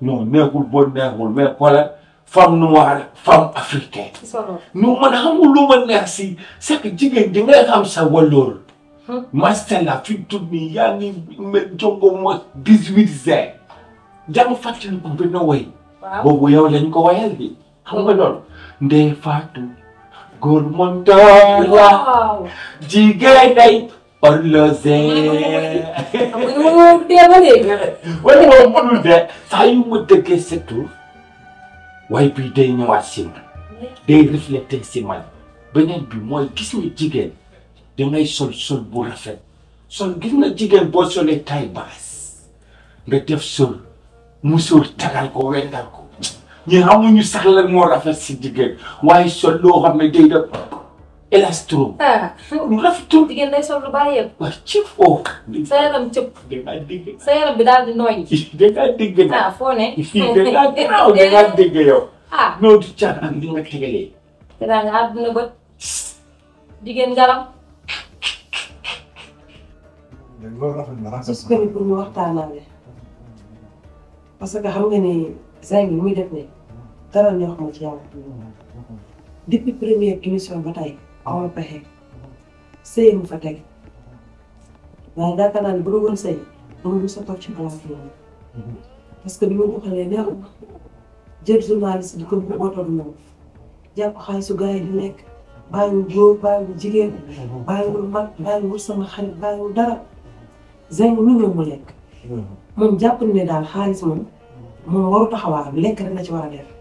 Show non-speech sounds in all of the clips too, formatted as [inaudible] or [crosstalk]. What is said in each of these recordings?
non nekkul bon neexul mais xoolal femme noire femme africaine. non man xamul lu ma si c'est que jigéen ji ngay xam sa wàlloor. Hmm? master la fi tudd nii yaa ngi mel jongo ma dix-huit ans. jàng fàttali ko benn way. waaw boobu yow lañ ko wayal bi xam nga loolu. ndee faatu góor moom door la Olosé. xam nga ni ma woo dee ba léegi. wala moom waaye bii day ñëwaat si man day reflété si man beneen bi mooy gis nga jigéen dangay sol sol bu rafet sol gis nga jigéen boo solee taille basse nga def sol musóor tagal ko wendal ko ñu xamuñu sax lan moo rafet si jigéen waaye sol loo xam ne day def. hélas trop. ah lu rafet sol lu bàyyeeku. waaw foo. Oh. sa yaram cëpp. dangaa dégg. sa yaram bi daal di nooy. [laughs] dangaa dégg na. ah foo ne. [laughs] dangaa [laughs] yow. Ah. noo du caan ak li nga tegalee. te daa nga àdduna bët. jigéen ngalam. loolu rafet na rafet na. su ko pour mu waxtaanaale parce que xam nga ni Zeng li muy def ne dara neex ma ci yàlla mm-hmm. depuis émission ba tey. awal pexe sëy mu fa teg waaye yaakaar naa ne bu dul woon sëy amul sa toog ci xalaat loolu parce que bi ma doxalee neexul jël journaliste di ko bu ootoon moom jàpp xaalisu gars yi di nekk bàyyiwul góor bàyyiwul jigéen bàyyiwul mag bàyyiwul sama xarit dara zeng lu ñëw mu lekk moom jàpp ne daal xaalis moom moom waru taxawaayam lekk rek la ci war a def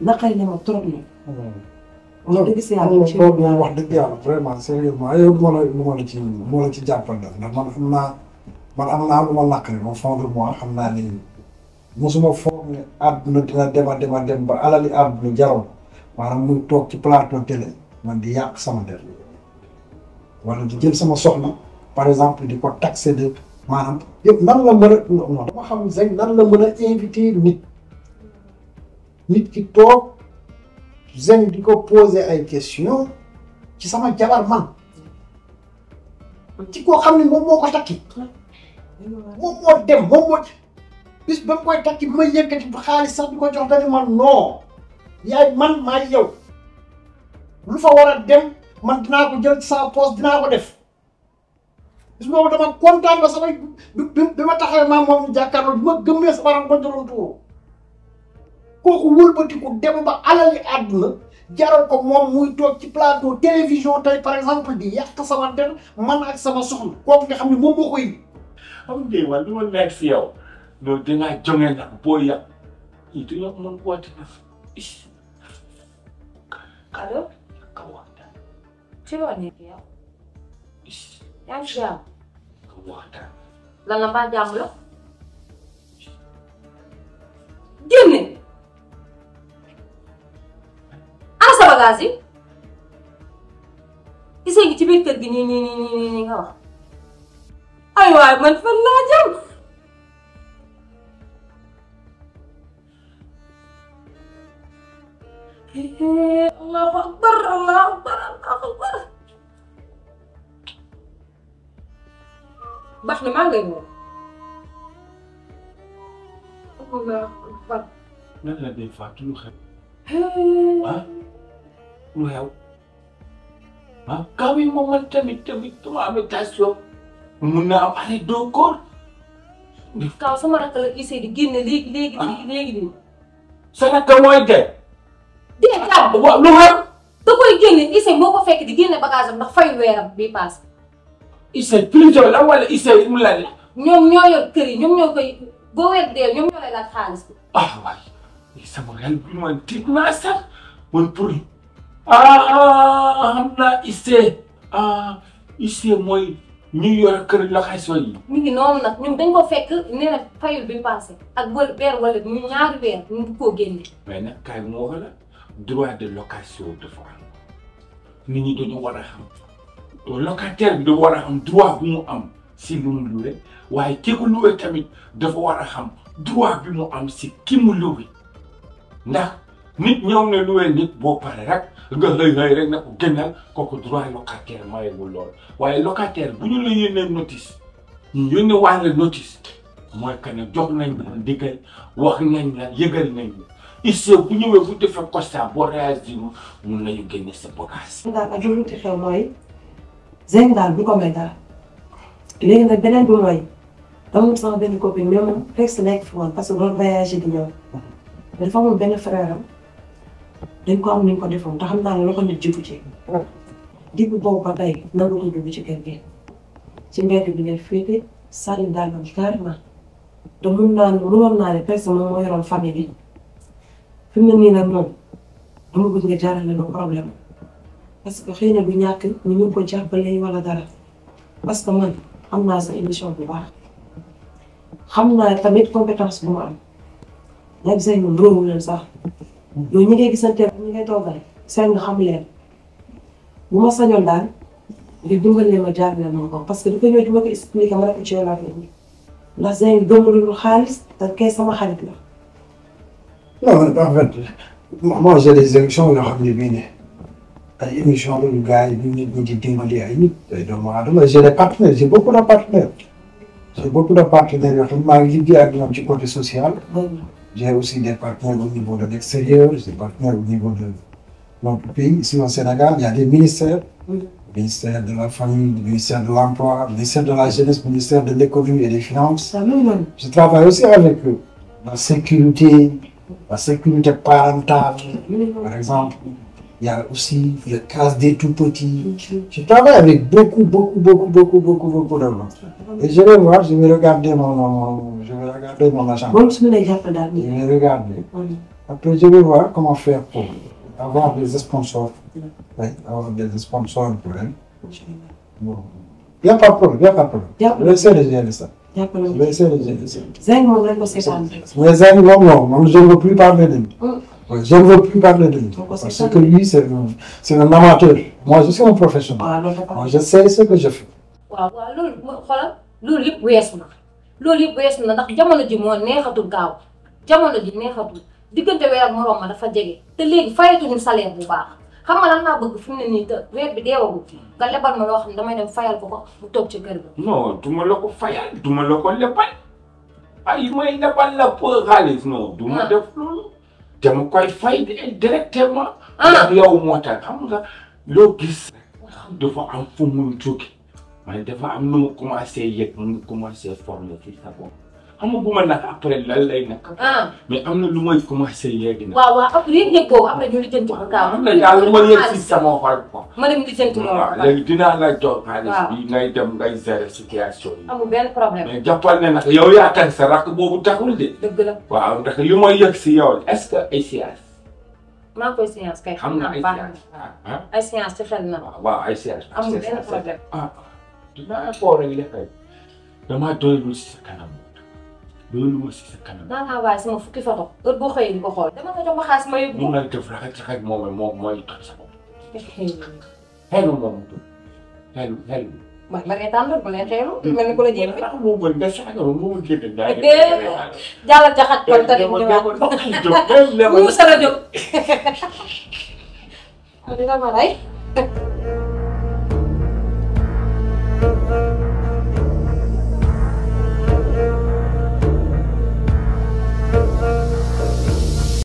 naqari na ma trop wax dëgg yàlla vraiment sérieusement yow du ma la du ci du ma la ci jàppal daf man am naa man am naa lu ma làkk ni ma fond de moi xam naa ni mosuma foog ne àdduna dina dem a dem a dem ba alali àdduna jarul maanaam muy toog ci plateau télé man di yàq sama der wala di jël sama soxna par exemple di ko taxé de maanaam yëpp nan la mën a dama xam sëñ nan la mën a invité nit nit ki toog zen di ko poser ay question ci sama jabar man ci koo xam ne moom moo ko takki moom dem moom moo bis ba mu koy takki ma yëkkati xaalis sax di ko jox dañu man non yaay man maa yow lu fa war dem man dinaa ko jël ci sama poos dinaa ko def bis boobu dama kontaan ba samay bi ma taxawee maa moom jàkkaarloo bi ma gëmmee sama ram ba joroon tuuroo kooku wëlbatiku dem ba alali àdduna jaral ko moom muy toog ci plateau télévision tey par exemple di yàq sama der man ak sama soxna kooku nga xam ne moom moo koy indi. xam nga déedéet li ma nekk si yow dangaa joŋe nag boo yàq it yow man woote na allo. ka waxtaan. ci loo nekk yow. yaa ngi jàmm. bagage yi gisee ngi ci biir kër gi nii nii nii nii nga wax ay waay man fan laa jëm allahu akbar allahu akbar allahu akbar baax na maa ngay moom allahu akbar nan la day fàttali xel lu xew ah kaw yi moom man tamit tamit sama habitation mun naa am année doo koor. kaw sama rakk la gisee di génne léegi léegi ah. léegi nii. sa rakk mooy de. dee kaw ah, waaw lu xew. da koy génne Issa moo ko fekk di génne bagage am ndax fay weeram bii paase. Issa plusieurs la wala Issa mu la la. ñoom ñoo yor kër yi ñoom ñoo koy boo weer dee ñoom ñoo lay laaj xaalis bi. ah waay sama xel bi man tiit naa sax man pour. ah xam naa IC ah IC mooy ñuy yor kër location yi. mi ngi noonu nag ñun dañ ko fekk nee na fayul bi passé ak wala weer wala ñu ñaari weer ñu ngi koo génne. mais nag kaay moo wax la droit de location dafa am nit ñi dañu war a xam locataire bi dafa war a xam droit bu mu am si lu mu luwe waaye ki ko luwe tamit dafa war a xam droit bi mu am si ki mu luwe ndax. nit ñëw ne luwee nit boo pare rek nga xëy xëy rek ne ko génnal kooku droit locataire mayegul lool waaye locataire bu ñu la yónnee notice ñu yónnee waa la notice mooy que ne jox nañ la ndigal wax nañ la yëgal nañ la ISRA bu ñëwee bu defee constat sa bagage. daal ak lu ci xew mooy Zeng daal bu ko may dara léegi nag beneen bi mooy dama sama benn ko mais moom fekk si nekk fi woon parce que doon voyagé di ñëw dafa dañ ko am ni ko defoon te xam naa ne loxo nit jiitu ci. digg boobu ba tey nan la ko dugg ci kër gi ci mbedd bi ngeen féete sànni daalam carrément te mun naa ne mënoon naa ne personne moom moo yoroon famille bi mu ne nii nag moom nga jaarale no que xëy na ñàkk ñu ngi ko jàppale wala dara parce que man am naa sa émission bu baax xam naa tamit compétence bu ma am. ñebe say ñun róomu leen sax. ñu ñi ngay gisanteel ñi ngay toogale seen xam leen bu ma sañoon daal nga dimbalee ma jaarale ma ko parce que du ko ñëw di ma ko expliqué ma nekk ci yow laa indi ndax Zeyna gëmulul xaalis te kay sama xarit la. non en fait moi des émissions yoo xam ne bii ne ay émissions yu gars yi nit ñi di dimbali ay nit ay doomu aadama j'ai des partenaires j'ai beaucoup de partenaires j'ai beaucoup de partenaires yoo xam maa ngi liggéey ak ñoom ci côté social. J'ai aussi des partenaires au niveau de l'extérieur, j'ai des partenaires au niveau de notre pays. Ici au Sénégal, il y a des ministères. Oui. Le ministère de la Famille, le ministère de l'Emploi, le ministère de la Jeunesse, le ministère de l'Économie et des Finances. Ah, non, non. Je travaille aussi avec eux. La sécurité, la sécurité parentale, oui, oui. par exemple. Il y a aussi le cas des tout petits. Okay. Je travaille avec beaucoup, beaucoup, beaucoup, beaucoup, beaucoup, beaucoup de monde. Et je vais voir, je vais regarder mon, mon je vais regarder mon agenda. Bon, je vais regarder. Oui. Après, je vais voir comment faire pour avoir des sponsors. Oui. Oui, avoir des sponsors pour elle. Bon. Il n'y a pas de problème, il n'y a pas de problème. Je vais essayer de gérer ça. Je vais essayer de gérer ça. Zeng, on va le Mais Zeng, non, non, je ne veux plus parler de lui. Oh. Je ne veux plus parler de lui. Parce que lui, c'est un, un, amateur. Moi, je suis un professionnel. Ah, Moi, waaw loolu xoolal wees na loolu na ndax jamono ji moo neexatu gaaw jamono ji neexatul diggante weer ak morom ma dafa jege te léegi fayatuñu salaire bu baax xam nga lan laa bëgg fi mu nii te weer bi deewagul nga lebal ma loo xam ne damay dem fayal ko ko mu toog ci kër ga. non du ma la ko fayal du ma la ko lebal ay may lebal la pour xaalis non du ma ah. def loolu. dama koy fay directement. Ah. ndax yow moo tax xam nga loo gis. dafa am fu muy jóge dafa am nu mu commencé yëg mu commencé former fi sa xamaguma nag après lan lay nekk. Ah. mais am na lu may commencé yeegi nag. waaw waaw après yëg-yëg boobu après ñu lijjanti ko gaaw. am na daal lu ma yëg si sama xol ko. ma dem lijjanti ko waaw léegi dinaa la jox xaalis bi ngay dem ngay gérer situation yi. amul benn problème mais jàppal ne nag yow yaa tànn sa rakk boobu taxul de. dëgg la waaw ndax li ma yëg si yow est ce que ay science. maa ngi koy science kay. xam naa ah, ah. ay science ay science te fel na. waaw ay science. amul benn problème ah dinaa ko war a lekk damaa doyul si sa kanam. loolu ma si sa kanam. naan naa waaye sama boo xëyee di ma xaalis ma yóbbu. mun naa def raxas raxas moom moo mooy tax sa bopp. [laughs] xeelu moom du xeelu xeelu. ma ngay tànn bu leen xeelu. mel ku la jéem bi ah moom mooy nga sax nga moom moo génne. daa ngi [laughs] [laughs] lay jàllal mu ñëwaat dama dama doxali jóg. léegi mu sala jóg.